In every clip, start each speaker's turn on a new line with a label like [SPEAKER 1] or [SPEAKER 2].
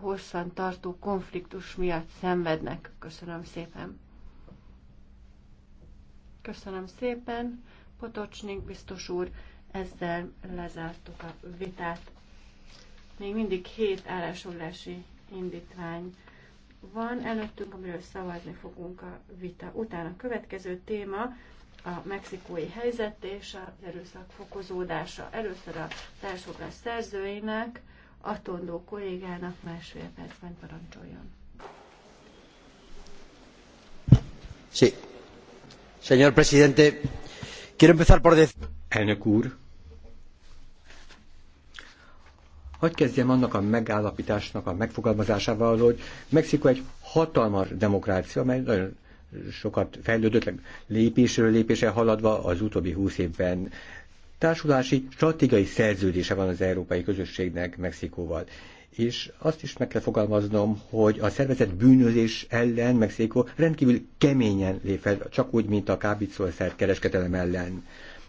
[SPEAKER 1] hosszan tartó konfliktus miatt szenvednek. Köszönöm szépen. Köszönöm szépen, Potocsnik biztos úr, ezzel lezártuk a vitát. Még mindig hét állásolási indítvány van előttünk, amiről szavazni fogunk a vita után. A következő téma a mexikói helyzet és az erőszak fokozódása. Először a társadalmi szerzőinek, Atondó kollégának másfél percben parancsoljon.
[SPEAKER 2] Sí. Señor presidente, quiero empezar por decir... Elnök úr, hogy kezdjem annak a megállapításnak a megfogalmazásával, hogy Mexiko egy hatalmas demokrácia, amely nagyon sokat fejlődött, lépésről lépésre haladva az utóbbi húsz évben társulási stratégiai szerződése van az európai közösségnek Mexikóval. És azt is meg kell fogalmaznom, hogy a szervezet bűnözés ellen Mexikó rendkívül keményen lép fel, csak úgy, mint a kábítószer kereskedelem ellen.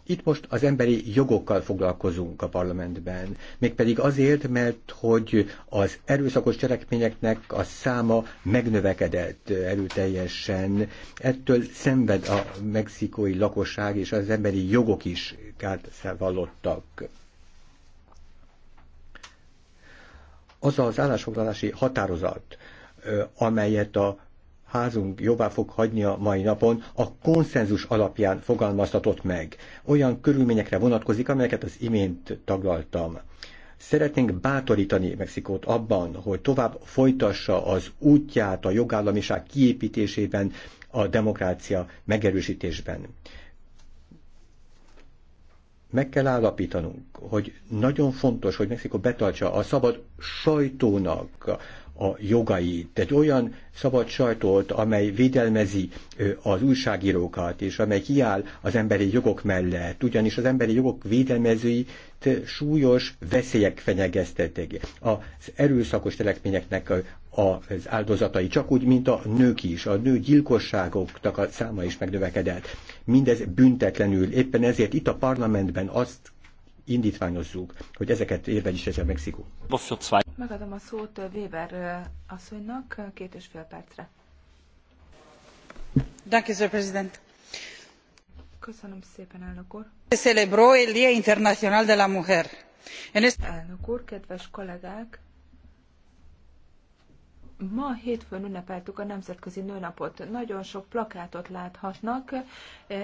[SPEAKER 2] Itt most az emberi jogokkal foglalkozunk a parlamentben, mégpedig azért, mert hogy az erőszakos cselekményeknek a száma megnövekedett erőteljesen. Ettől szenved a mexikói lakosság, és az emberi jogok is kárt Az az állásfoglalási határozat, amelyet a házunk jobbá fog hagyni a mai napon, a konszenzus alapján fogalmaztatott meg. Olyan körülményekre vonatkozik, amelyeket az imént taglaltam. Szeretnénk bátorítani Mexikót abban, hogy tovább folytassa az útját a jogállamiság kiépítésében, a demokrácia megerősítésben meg kell állapítanunk, hogy nagyon fontos, hogy Mexikó betartsa a szabad sajtónak, a jogait. Egy olyan szabad sajtót, amely védelmezi az újságírókat, és amely kiáll az emberi jogok mellett, ugyanis az emberi jogok védelmezői súlyos veszélyek fenyegeztették. Az erőszakos telekményeknek az áldozatai, csak úgy, mint a nők is, a nő gyilkosságoknak a száma is megnövekedett. Mindez büntetlenül. Éppen ezért itt a parlamentben azt indítványozzuk, hogy ezeket érvényesítse Mexikó.
[SPEAKER 3] Megadom a szót uh, Weber uh, asszonynak uh, két és fél percre. You, Köszönöm szépen, elnök úr. celebró el Día Internacional de la Mujer. En Elnök úr, kedves kollégák, Ma hétfőn ünnepeltük a Nemzetközi Nőnapot. Nagyon sok plakátot láthatnak e,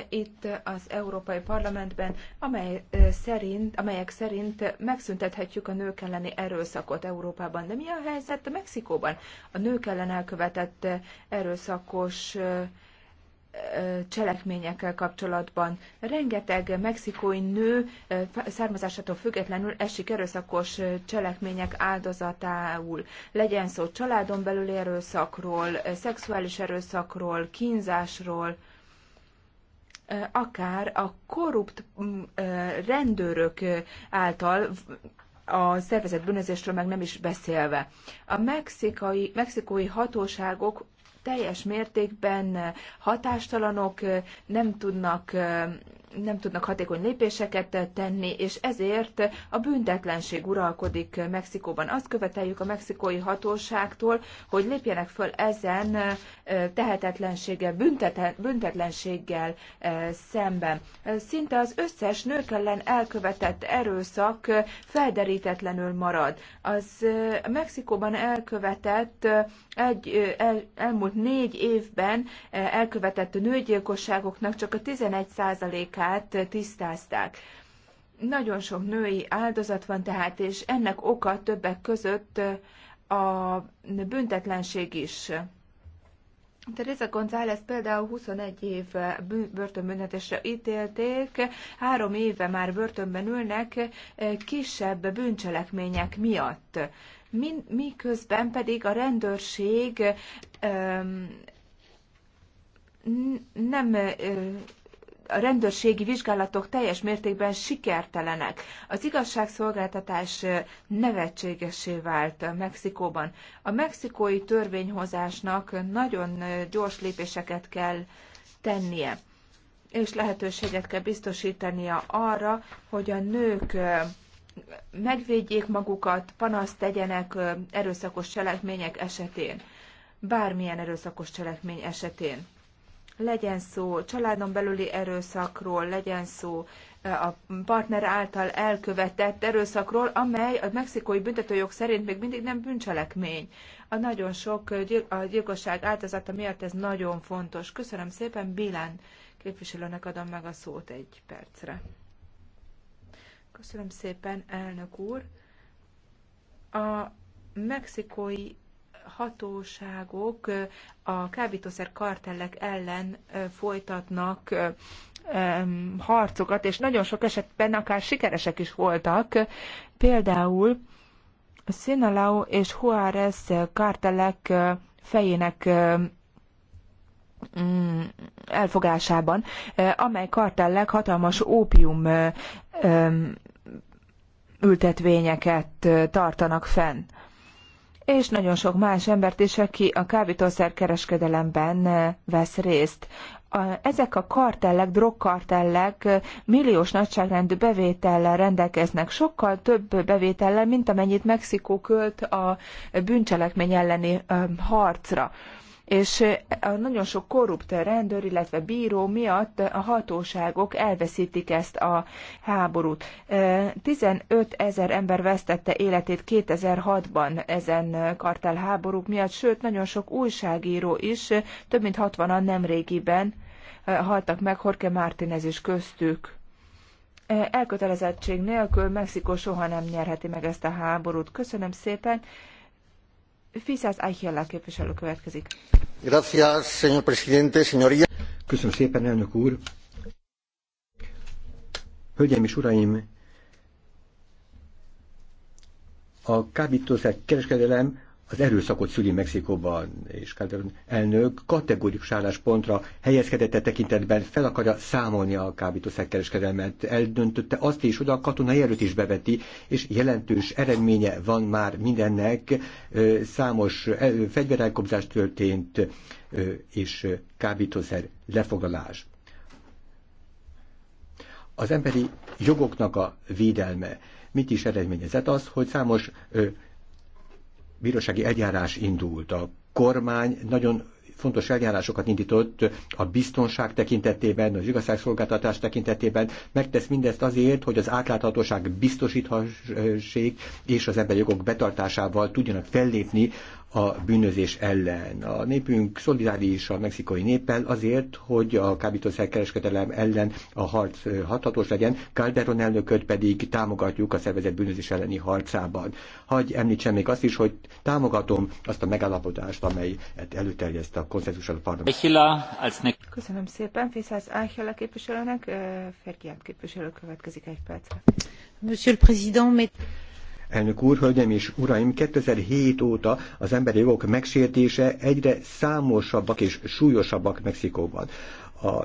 [SPEAKER 3] itt az Európai Parlamentben, amely e, szerint, amelyek szerint megszüntethetjük a nők elleni erőszakot Európában. De mi a helyzet Mexikóban? A nők ellen elkövetett e, erőszakos cselekményekkel kapcsolatban. Rengeteg mexikói nő származásától függetlenül esik erőszakos cselekmények áldozatául. Legyen szó családon belül erőszakról, szexuális erőszakról, kínzásról, akár a korrupt rendőrök által a szervezet bűnözésről meg nem is beszélve. A mexikai, mexikói hatóságok teljes mértékben hatástalanok, nem tudnak nem tudnak hatékony lépéseket tenni, és ezért a büntetlenség uralkodik Mexikóban. Azt követeljük a mexikói hatóságtól, hogy lépjenek föl ezen tehetetlenséggel, büntetlenséggel szemben. Szinte az összes nők ellen elkövetett erőszak felderítetlenül marad. Az Mexikóban elkövetett egy, el, elmúlt négy évben elkövetett nőgyilkosságoknak csak a 11 százalékát okát tisztázták. Nagyon sok női áldozat van tehát, és ennek oka többek között a büntetlenség is. Teresa González például 21 év börtönbüntetésre ítélték, három éve már börtönben ülnek eh, kisebb bűncselekmények miatt. Miközben pedig a rendőrség nem eh, a rendőrségi vizsgálatok teljes mértékben sikertelenek. Az igazságszolgáltatás nevetségesé vált Mexikóban. A mexikói törvényhozásnak nagyon gyors lépéseket kell tennie, és lehetőséget kell biztosítania arra, hogy a nők megvédjék magukat, panaszt tegyenek erőszakos cselekmények esetén, bármilyen erőszakos cselekmény esetén legyen szó családon belüli erőszakról, legyen szó e, a partner által elkövetett erőszakról, amely a mexikói büntetőjog szerint még mindig nem bűncselekmény. A nagyon sok e, a gyilkosság áldozata miatt ez nagyon fontos. Köszönöm szépen, Bilán képviselőnek adom meg a szót egy percre. Köszönöm szépen, elnök úr. A mexikói hatóságok a kábítószer kartellek ellen folytatnak harcokat, és nagyon sok esetben akár sikeresek is voltak. Például a Sinalao és Juárez kartellek fejének mm, elfogásában, amely kartellek hatalmas ópium ültetvényeket tartanak fenn és nagyon sok más embert is, aki a kábítószer kereskedelemben eh, vesz részt. ezek a kartellek, drogkartellek eh, milliós nagyságrendű bevétellel rendelkeznek, sokkal több bevétellel, mint amennyit Mexikó költ a bűncselekmény elleni eh, harcra és a nagyon sok korrupt rendőr, illetve bíró miatt a hatóságok elveszítik ezt a háborút. 15 ezer ember vesztette életét 2006-ban ezen kartelháborúk miatt, sőt, nagyon sok újságíró is, több mint 60-an nemrégiben haltak meg, Jorge Martinez is köztük. Elkötelezettség nélkül Mexikó soha nem nyerheti meg ezt a háborút. Köszönöm szépen! képviselő következik.
[SPEAKER 2] Gracias, señor presidente, señoría. Köszönöm szépen, elnök úr. Hölgyeim és uraim, a kábítószer kereskedelem az erőszakot szüli Mexikóban, és Calderon elnök kategórikus álláspontra helyezkedett a e tekintetben, fel akarja számolni a kábítószerkereskedelmet, eldöntötte azt is, hogy a katonai erőt is beveti, és jelentős eredménye van már mindennek, számos fegyverelkobzás történt, és kábítószer lefoglalás. Az emberi jogoknak a védelme mit is eredményezett? Az, hogy számos bírósági eljárás indult. A kormány nagyon fontos eljárásokat indított a biztonság tekintetében, az igazságszolgáltatás tekintetében, megtesz mindezt azért, hogy az átláthatóság biztosíthassék és az emberi jogok betartásával tudjanak fellépni a bűnözés ellen. A népünk szolidáris a mexikai néppel azért, hogy a kereskedelem ellen a harc hathatós legyen, Calderon elnököt pedig támogatjuk a szervezet bűnözés elleni harcában. Hagy említsem még azt is, hogy támogatom azt a megállapodást, amely hát előterjeszt a konszenzus a parlament.
[SPEAKER 3] Köszönöm szépen, Fészász Áhila képviselőnek, Fergiát képviselő következik egy percre. Monsieur le Président, mais...
[SPEAKER 2] Elnök úr, hölgyeim és uraim, 2007 óta az emberi jogok megsértése egyre számosabbak és súlyosabbak Mexikóban. A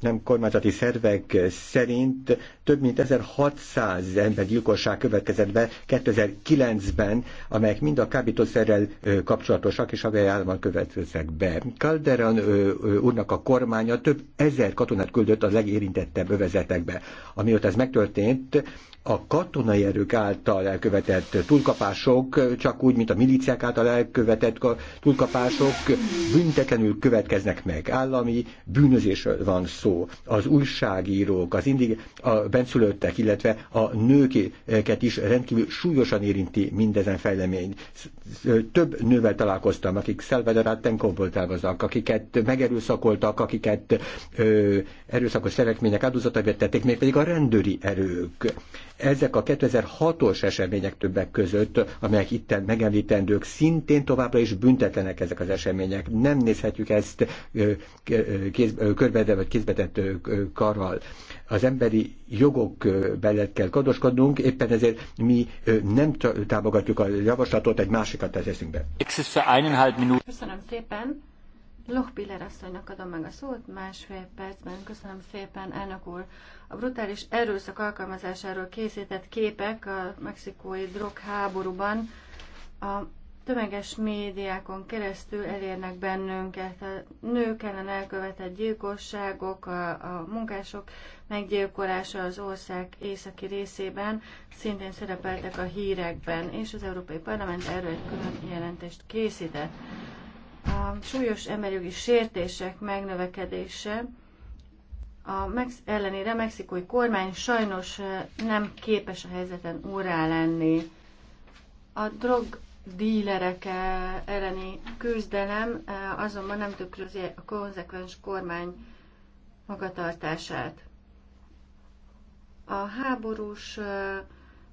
[SPEAKER 2] nem kormányzati szervek szerint több mint 1600 embergyilkosság következett be 2009-ben, amelyek mind a kábítószerrel kapcsolatosak és aggályában következtek be. Calderon úrnak a kormánya több ezer katonát küldött a legérintettebb övezetekbe. Amióta ez megtörtént, a katonai erők által elkövetett túlkapások, csak úgy, mint a milíciák által elkövetett túlkapások büntetlenül következnek meg. Állami bűnözésről van szó. Az újságírók, az indig a benszülöttek, illetve a nőket is rendkívül súlyosan érinti mindezen fejlemény. Több nővel találkoztam, akik szelvedarát Tenkóból távoznak, akiket megerőszakoltak, akiket ö, erőszakos szerekmények áldozatai vettették, még pedig a rendőri erők ezek a 2006-os események többek között, amelyek itt megemlítendők, szintén továbbra is büntetlenek ezek az események. Nem nézhetjük ezt körbe vagy kézbetett karral. Az emberi jogok belett kell gondoskodnunk, éppen ezért mi nem támogatjuk a javaslatot, egy másikat teszünk be.
[SPEAKER 1] Köszönöm szépen. Piller asszonynak adom meg a szót másfél percben. Köszönöm szépen, elnök úr. A brutális erőszak alkalmazásáról készített képek a mexikói drogháborúban a tömeges médiákon keresztül elérnek bennünket. A nők ellen elkövetett gyilkosságok, a, a munkások meggyilkolása az ország északi részében szintén szerepeltek a hírekben, és az Európai Parlament erről egy külön jelentést készített súlyos emberjogi sértések megnövekedése a Mex- ellenére a mexikói kormány sajnos eh, nem képes a helyzeten órá lenni. A drogdílerek eh, elleni küzdelem eh, azonban nem tükrözi a konzekvens kormány magatartását. A háborús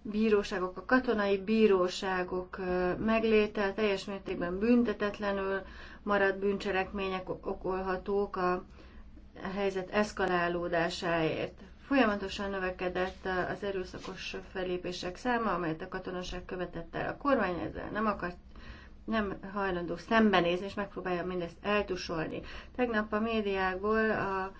[SPEAKER 1] bíróságok, a katonai bíróságok megléte teljes mértékben büntetetlenül maradt bűncselekmények okolhatók a helyzet eszkalálódásáért. Folyamatosan növekedett az erőszakos fellépések száma, amelyet a katonaság követett el. A kormány ezzel nem akart nem hajlandó szembenézni, és megpróbálja mindezt eltusolni. Tegnap a médiákból a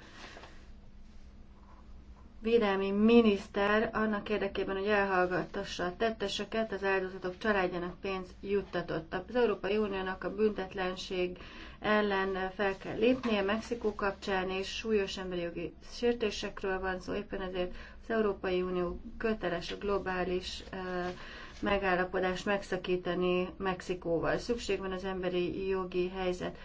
[SPEAKER 1] védelmi miniszter annak érdekében, hogy elhallgattassa a tetteseket, az áldozatok családjának pénzt juttatott. Az Európai Uniónak a büntetlenség ellen fel kell lépnie Mexikó kapcsán, és súlyos emberi jogi sértésekről van szó, éppen ezért az Európai Unió köteles a globális megállapodást megszakítani Mexikóval. Szükség van az emberi jogi helyzet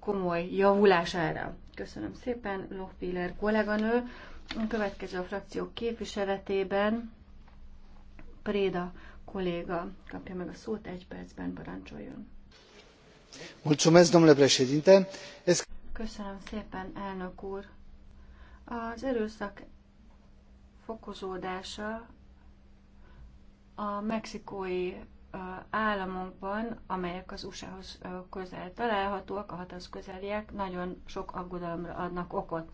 [SPEAKER 1] komoly javulására. Köszönöm szépen, Lohpiller kolléganő. A következő a frakciók képviseletében Préda kolléga kapja meg a szót, egy percben parancsoljon. Köszönöm szépen, elnök úr. Az erőszak fokozódása a mexikói államokban, amelyek az USA-hoz közel találhatóak, a hatasz közeliek, nagyon sok aggodalomra adnak okot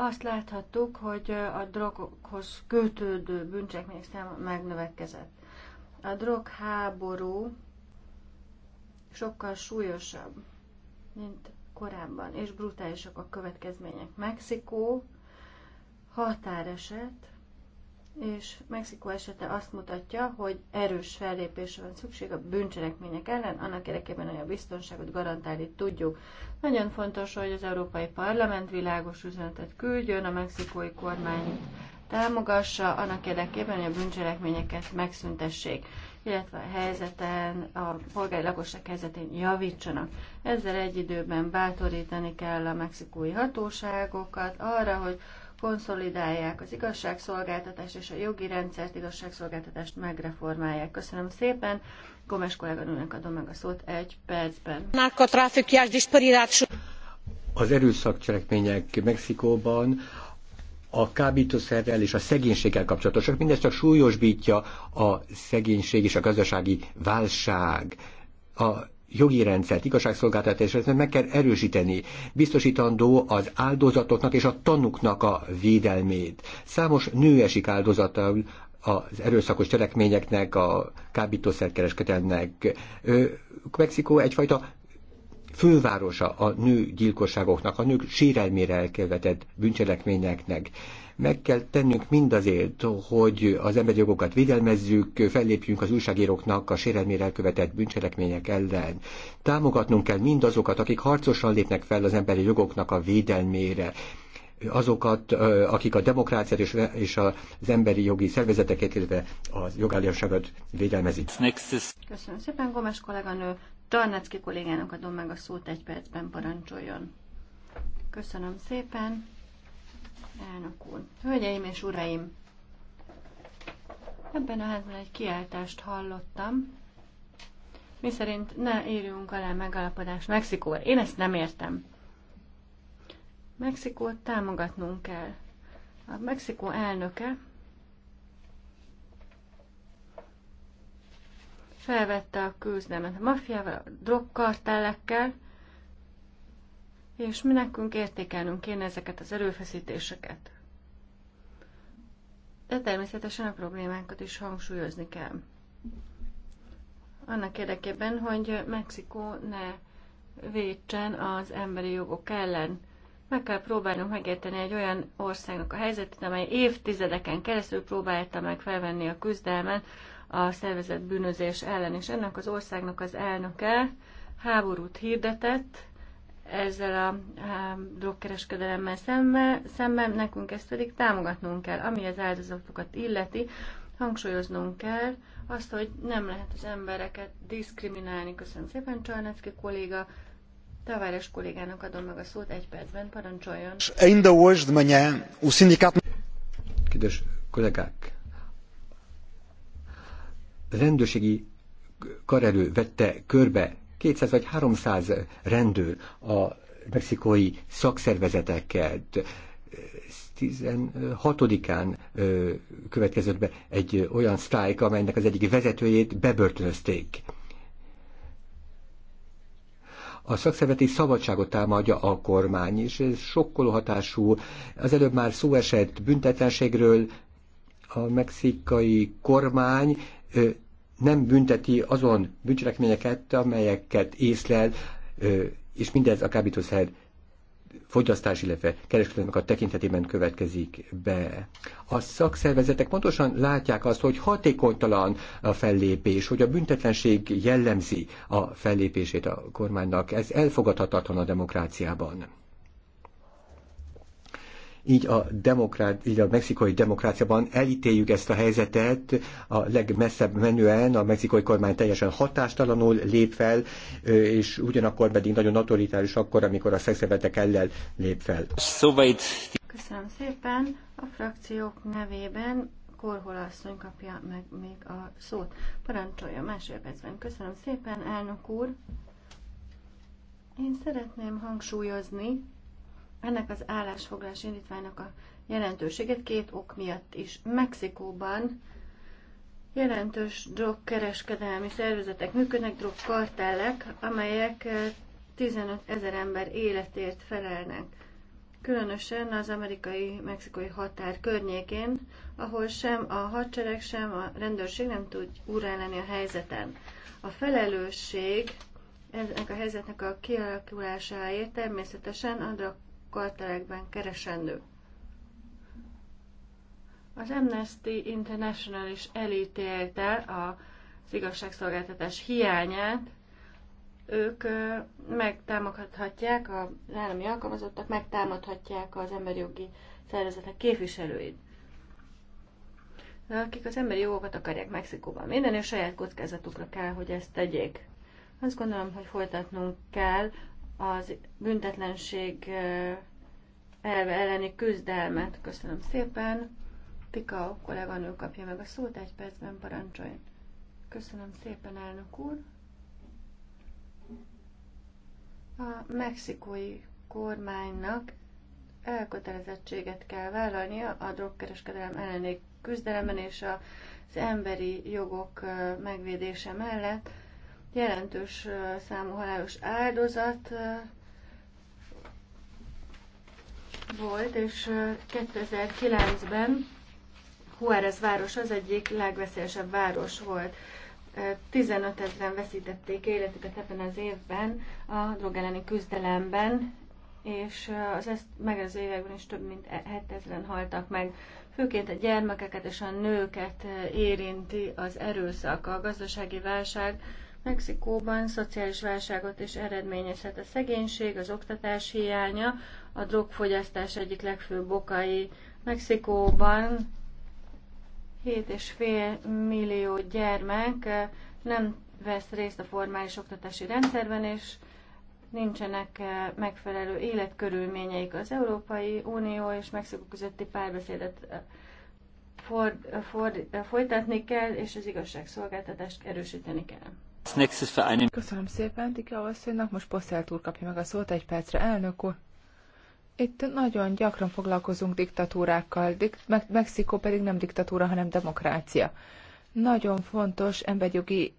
[SPEAKER 1] azt láthattuk, hogy a drogokhoz kötődő bűncselekmények száma megnövekedett. A drogháború sokkal súlyosabb, mint korábban, és brutálisak a következmények. Mexikó határeset, és Mexikó esete azt mutatja, hogy erős fellépésre van szükség a bűncselekmények ellen, annak érdekében, hogy a biztonságot garantálni tudjuk. Nagyon fontos, hogy az Európai Parlament világos üzenetet küldjön, a mexikói kormányt támogassa, annak érdekében, hogy a bűncselekményeket megszüntessék, illetve a helyzeten, a polgári lakosság helyzetén javítsanak. Ezzel egy időben bátorítani kell a mexikói hatóságokat arra, hogy konszolidálják az igazságszolgáltatást és a jogi rendszert, igazságszolgáltatást megreformálják. Köszönöm szépen. Gomes kolléganőnek adom meg a szót egy percben.
[SPEAKER 2] Az erőszakcselekmények Mexikóban a kábítószerrel és a szegénységgel kapcsolatosak. Mindez csak súlyosbítja a szegénység és a gazdasági válság. A jogi rendszert, ezt meg kell erősíteni, biztosítandó az áldozatoknak és a tanuknak a védelmét. Számos nő esik áldozata az erőszakos cselekményeknek, a kábítószerkereskedelnek. Mexikó egyfajta fővárosa a nő gyilkosságoknak, a nők sérelmére elkövetett bűncselekményeknek. Meg kell tennünk mindazért, hogy az emberi jogokat védelmezzük, fellépjünk az újságíróknak a sérelmére elkövetett bűncselekmények ellen. Támogatnunk kell mindazokat, akik harcosan lépnek fel az emberi jogoknak a védelmére azokat, akik a demokráciát és, és az emberi jogi szervezeteket, illetve a jogállásságot védelmezik.
[SPEAKER 1] Köszönöm szépen, Gomes kolléganő. Tarnacki kollégának adom meg a szót egy percben, parancsoljon. Köszönöm szépen elnök úr. Hölgyeim és uraim! Ebben a házban egy kiáltást hallottam, mi szerint ne írjunk alá megállapodást Mexikóval. Én ezt nem értem. Mexikót támogatnunk kell. A Mexikó elnöke felvette a küzdelmet a maffiával, a drogkartellekkel, és mi nekünk értékelnünk kéne ezeket az erőfeszítéseket. De természetesen a problémákat is hangsúlyozni kell. Annak érdekében, hogy Mexikó ne védsen az emberi jogok ellen. Meg kell próbálnunk megérteni egy olyan országnak a helyzetét, amely évtizedeken keresztül próbálta meg felvenni a küzdelmet a szervezett bűnözés ellen, és ennek az országnak az elnöke háborút hirdetett, ezzel a drogkereskedelemmel szemben, szemben, nekünk ezt pedig támogatnunk kell. Ami az áldozatokat illeti, hangsúlyoznunk kell azt, hogy nem lehet az embereket diszkriminálni. Köszönöm szépen, Csarnecki kolléga. Tavares kollégának adom meg a szót egy percben, parancsoljon.
[SPEAKER 2] Ainda hoje de manhã o sindicato... Kedves kollégák, rendőrségi karerő vette körbe 200 vagy 300 rendőr a mexikói szakszervezeteket 16-án következett be egy olyan sztrájk, amelynek az egyik vezetőjét bebörtönözték. A szakszervezeti szabadságot támadja a kormány, és ez sokkoló hatású. Az előbb már szó esett büntetlenségről, a mexikai kormány nem bünteti azon bűncselekményeket, amelyeket észlel, és mindez a kábítószer fogyasztás, illetve kereskedelmek a tekintetében következik be. A szakszervezetek pontosan látják azt, hogy hatékonytalan a fellépés, hogy a büntetlenség jellemzi a fellépését a kormánynak. Ez elfogadhatatlan a demokráciában így a, demokrát, így a mexikai demokráciában elítéljük ezt a helyzetet, a legmesszebb menően a mexikai kormány teljesen hatástalanul lép fel, és ugyanakkor pedig nagyon autoritárius akkor, amikor a szexebetek ellen
[SPEAKER 1] lép fel. Köszönöm szépen. A frakciók nevében Korhol asszony kapja meg még a szót. Parancsolja másfél percben. Köszönöm szépen, elnök úr. Én szeretném hangsúlyozni, ennek az állásfoglalás indítványnak a jelentőséget két ok miatt is. Mexikóban jelentős drogkereskedelmi szervezetek működnek, drogkartellek, amelyek 15 eh, ezer ember életért felelnek. Különösen az amerikai-mexikai határ környékén, ahol sem a hadsereg, sem a rendőrség nem tud úrá lenni a helyzeten. A felelősség ennek a helyzetnek a kialakulásáért természetesen a kartelekben keresendő. Az Amnesty International is elítélte az igazságszolgáltatás hiányát. Ők megtámadhatják, az állami alkalmazottak megtámadhatják az emberi jogi szervezetek képviselőit akik az emberi jogokat akarják Mexikóban minden, és saját kockázatukra kell, hogy ezt tegyék. Azt gondolom, hogy folytatnunk kell az büntetlenség elve elleni küzdelmet. Köszönöm szépen. Pika, a kolléganő kapja meg a szót, egy percben parancsolj. Köszönöm szépen, elnök úr. A mexikói kormánynak elkötelezettséget kell vállalnia a drogkereskedelem elleni küzdelemben és az emberi jogok megvédése mellett, jelentős számú halálos áldozat volt, és 2009-ben Juárez város az egyik legveszélyesebb város volt. 15 ezeren veszítették életüket ebben az évben a drog elleni küzdelemben, és az ezt megelőző években is több mint 7000-en haltak meg. Főként a gyermekeket és a nőket érinti az erőszak, a gazdasági válság, Mexikóban szociális válságot is eredményezhet a szegénység, az oktatás hiánya, a drogfogyasztás egyik legfőbb okai. Mexikóban 7,5 millió gyermek eh, nem vesz részt a formális oktatási rendszerben, és nincsenek eh, megfelelő életkörülményeik. Az Európai Unió és Mexikó közötti párbeszédet eh, ford, ford, folytatni kell, és az igazságszolgáltatást erősíteni kell.
[SPEAKER 3] Köszönöm szépen, Dika asszonynak. Most Posztelt úr kapja meg a szót egy percre. Elnök úr, itt nagyon gyakran foglalkozunk diktatúrákkal, Dik- Mexikó pedig nem diktatúra, hanem demokrácia nagyon fontos emberjogi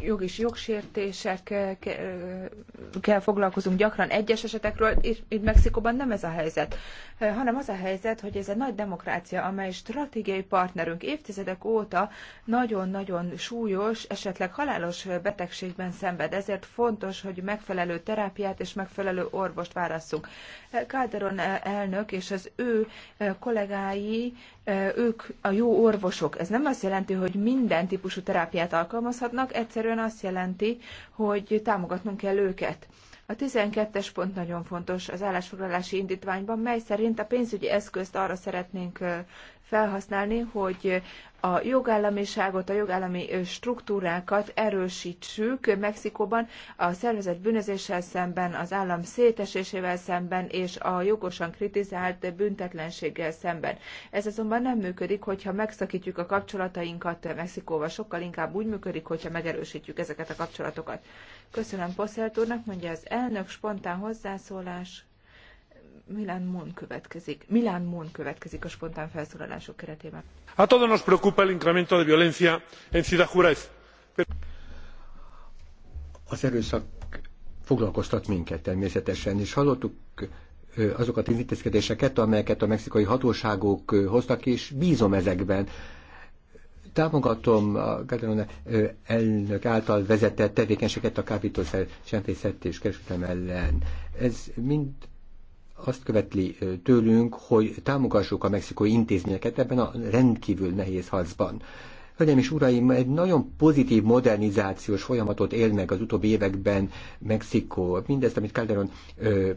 [SPEAKER 3] jogi jogsértésekkel foglalkozunk gyakran egyes esetekről, és itt Mexikóban nem ez a helyzet, hanem az a helyzet, hogy ez egy nagy demokrácia, amely stratégiai partnerünk évtizedek óta nagyon-nagyon súlyos, esetleg halálos betegségben szenved. Ezért fontos, hogy megfelelő terápiát és megfelelő orvost válasszunk. Calderon elnök és az ő kollégái, ők a jó orvosok. Ez nem az azt jelenti, hogy minden típusú terápiát alkalmazhatnak, egyszerűen azt jelenti, hogy támogatnunk kell őket. A 12-es pont nagyon fontos az állásfoglalási indítványban, mely szerint a pénzügyi eszközt arra szeretnénk felhasználni, hogy a jogállamiságot, a jogállami struktúrákat erősítsük Mexikóban a szervezet bűnözéssel szemben, az állam szétesésével szemben és a jogosan kritizált büntetlenséggel szemben. Ez azonban nem működik, hogyha megszakítjuk a kapcsolatainkat Mexikóval, sokkal inkább úgy működik, hogyha megerősítjük ezeket a kapcsolatokat. Köszönöm Poszelt úrnak, mondja az elnök, spontán hozzászólás. Milán Mon következik. Milán Mon következik a spontán felszólalások keretében.
[SPEAKER 1] A todos nos preocupa el incremento de violencia en Ciudad Juárez.
[SPEAKER 2] Az erőszak foglalkoztat minket természetesen, és hallottuk azokat az intézkedéseket, amelyeket a mexikai hatóságok hoztak, és bízom ezekben. Támogatom a Gadelone elnök által vezetett tevékenységet a kábítószer csempészet és kereskedelem ellen. Ez mind azt követli tőlünk, hogy támogassuk a mexikói intézményeket ebben a rendkívül nehéz harcban. Hölgyeim és uraim, egy nagyon pozitív modernizációs folyamatot él meg az utóbbi években Mexikó. Mindezt, amit Calderon ö,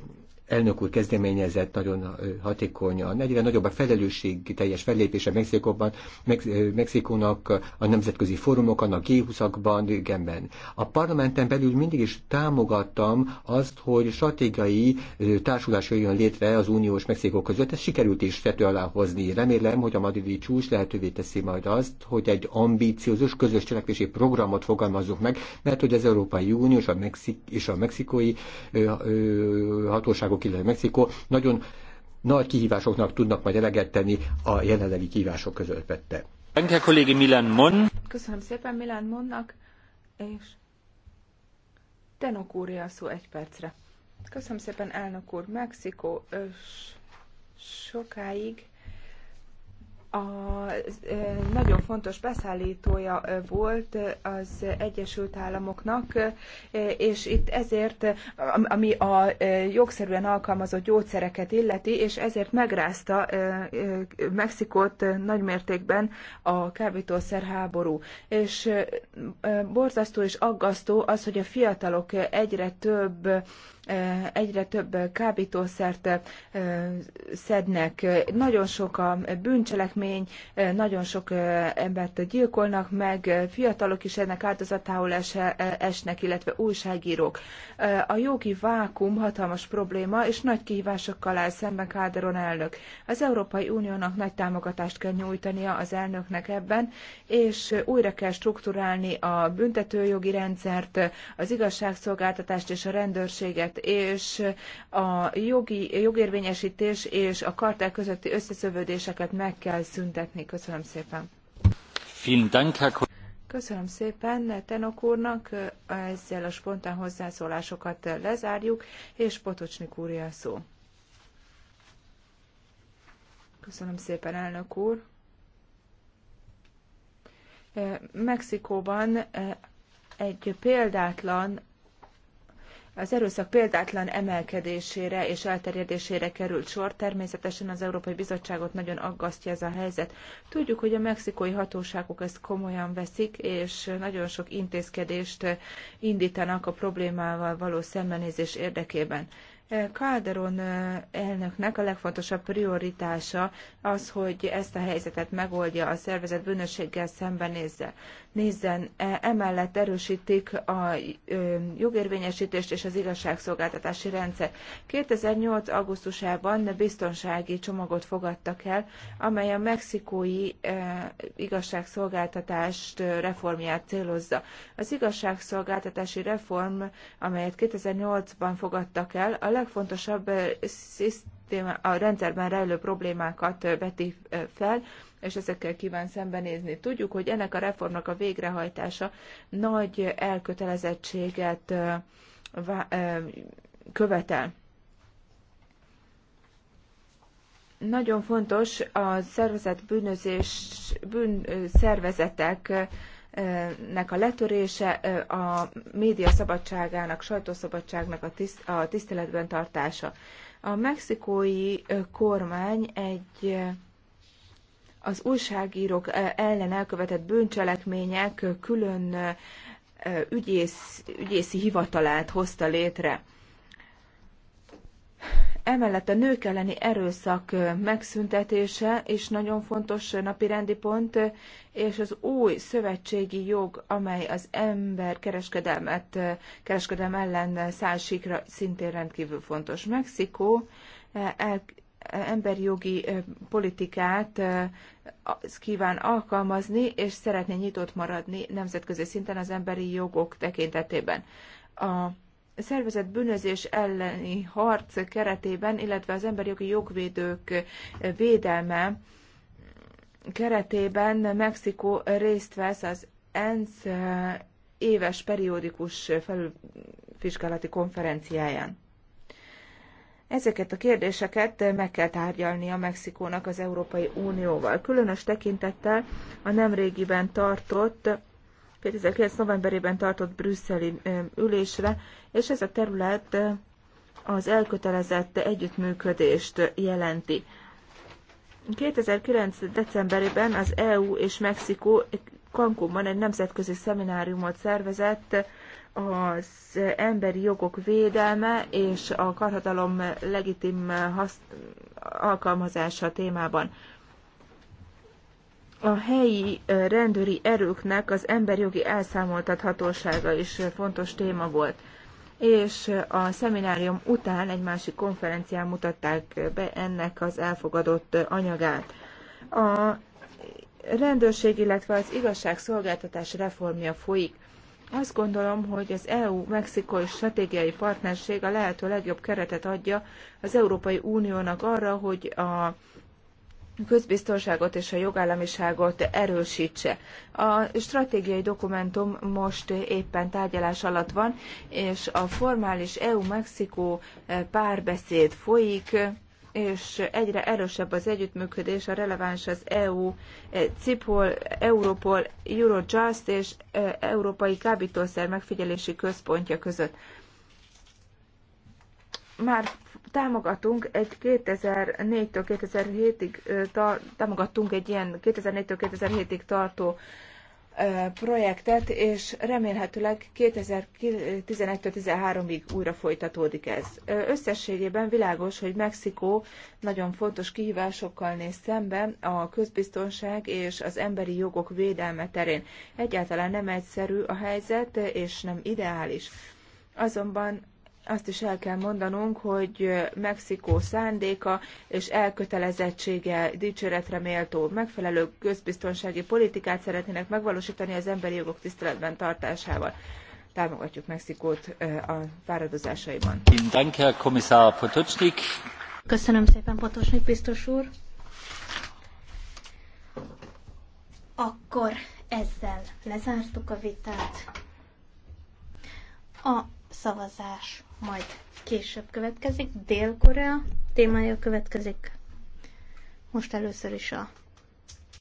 [SPEAKER 2] elnök úr kezdeményezett nagyon hatékonyan. Egyre nagyobb a felelősség teljes fellépése Mexikóban, Mex Mexikónak a nemzetközi fórumokon, a G20-akban, Gemben. A parlamenten belül mindig is támogattam azt, hogy stratégiai társulás jöjjön létre az uniós Mexikó között. Ez sikerült is tető alá hozni. Remélem, hogy a madridi csúcs lehetővé teszi majd azt, hogy egy ambíciózus közös cselekvési programot fogalmazzuk meg, mert hogy az Európai Unió és a, Mexik- és a mexikói hatóságok országok, illetve Mexikó nagyon nagy kihívásoknak tudnak majd eleget tenni a jelenlegi kihívások között vette.
[SPEAKER 3] Köszönöm szépen Milan Monnak, és Tenok úrja szó egy percre. Köszönöm szépen, elnök úr. Mexikó sokáig a nagyon fontos beszállítója volt az Egyesült Államoknak, és itt ezért, ami a jogszerűen alkalmazott gyógyszereket illeti, és ezért megrázta Mexikót nagymértékben a kábítószer háború. És borzasztó és aggasztó az, hogy a fiatalok egyre több egyre több kábítószert szednek, nagyon sok a bűncselekmény, nagyon sok embert gyilkolnak meg, fiatalok is ennek áldozatául esnek, illetve újságírók. A jogi vákum hatalmas probléma, és nagy kihívásokkal áll szemben Káderon elnök. Az Európai Uniónak nagy támogatást kell nyújtania az elnöknek ebben, és újra kell strukturálni a büntetőjogi rendszert, az igazságszolgáltatást és a rendőrséget, rendet és a jogi, jogérvényesítés és a kartel közötti összeszövődéseket meg kell szüntetni. Köszönöm szépen. Köszönöm szépen Tenok úrnak, ezzel a spontán hozzászólásokat lezárjuk, és Potocsnik a szó. Köszönöm szépen, elnök úr. Mexikóban egy példátlan az erőszak példátlan emelkedésére és elterjedésére került sor. Természetesen az Európai Bizottságot nagyon aggasztja ez a helyzet. Tudjuk, hogy a mexikói hatóságok ezt komolyan veszik, és nagyon sok intézkedést indítanak a problémával való szembenézés érdekében. Calderon elnöknek a legfontosabb prioritása az, hogy ezt a helyzetet megoldja a szervezet bűnösséggel szembenézze nézzen e, emellett erősítik a jogérvényesítést és az igazságszolgáltatási rendszer. 2008. augusztusában biztonsági csomagot fogadtak el, amely a mexikói e, igazságszolgáltatást reformját célozza. Az igazságszolgáltatási reform, amelyet 2008-ban fogadtak el, a legfontosabb a rendszerben rejlő problémákat veti e, fel, és ezekkel kíván szembenézni. Tudjuk, hogy ennek a reformnak a végrehajtása nagy elkötelezettséget követel. Nagyon fontos a szervezet bűnözés, szervezetek nek a letörése, a média szabadságának, sajtószabadságnak a, tiszt, a tiszteletben tartása. A mexikói kormány egy az újságírók ellen elkövetett bűncselekmények külön ügyész, ügyészi hivatalát hozta létre. Emellett a nők elleni erőszak megszüntetése is nagyon fontos napirendi pont, és az új szövetségi jog, amely az ember kereskedelmet, kereskedelm ellen száll szintén rendkívül fontos. Mexikó el, emberi jogi politikát kíván alkalmazni, és szeretné nyitott maradni nemzetközi szinten az emberi jogok tekintetében. A szervezet bűnözés elleni harc keretében, illetve az emberi jogi jogvédők védelme keretében Mexikó részt vesz az ENSZ éves periódikus felülvizsgálati konferenciáján. Ezeket a kérdéseket meg kell tárgyalnia Mexikónak az Európai Unióval. Különös tekintettel a nemrégiben tartott 2009. novemberében tartott brüsszeli ülésre, és ez a terület az elkötelezett együttműködést jelenti. 2009. decemberében az EU és Mexikó Cancúnban egy nemzetközi szemináriumot szervezett az emberi jogok védelme és a karhatalom legitim alkalmazása témában. A helyi rendőri erőknek az emberi jogi elszámoltathatósága is fontos téma volt, és a szeminárium után egy másik konferencián mutatták be ennek az elfogadott anyagát. A rendőrség, illetve az igazságszolgáltatás reformja folyik. Azt gondolom, hogy az EU-Mexikói stratégiai partnerség a lehető legjobb keretet adja az Európai Uniónak arra, hogy a közbiztonságot és a jogállamiságot erősítse. A stratégiai dokumentum most éppen tárgyalás alatt van, és a formális EU-Mexikó párbeszéd folyik és egyre erősebb az együttműködés, a releváns az EU, e, CIPOL, Europol, Eurojust és e, Európai Kábítószer Megfigyelési Központja között. Már támogatunk egy 2004-től 2007-ig támogattunk egy ilyen 2004-től 2007-ig tartó projektet, és remélhetőleg 2011-13-ig újra folytatódik ez. Összességében világos, hogy Mexikó nagyon fontos kihívásokkal néz szembe a közbiztonság és az emberi jogok védelme terén. Egyáltalán nem egyszerű a helyzet, és nem ideális. Azonban azt is el kell mondanunk, hogy Mexikó szándéka és elkötelezettsége dicséretre méltó. Megfelelő közbiztonsági politikát szeretnének megvalósítani az emberi jogok tiszteletben tartásával. Támogatjuk Mexikót a fáradozásaiban. Köszönöm szépen, Potocsnik biztos úr. Akkor ezzel lezártuk a vitát. A szavazás majd később következik. Dél-Korea témája következik. Most először is a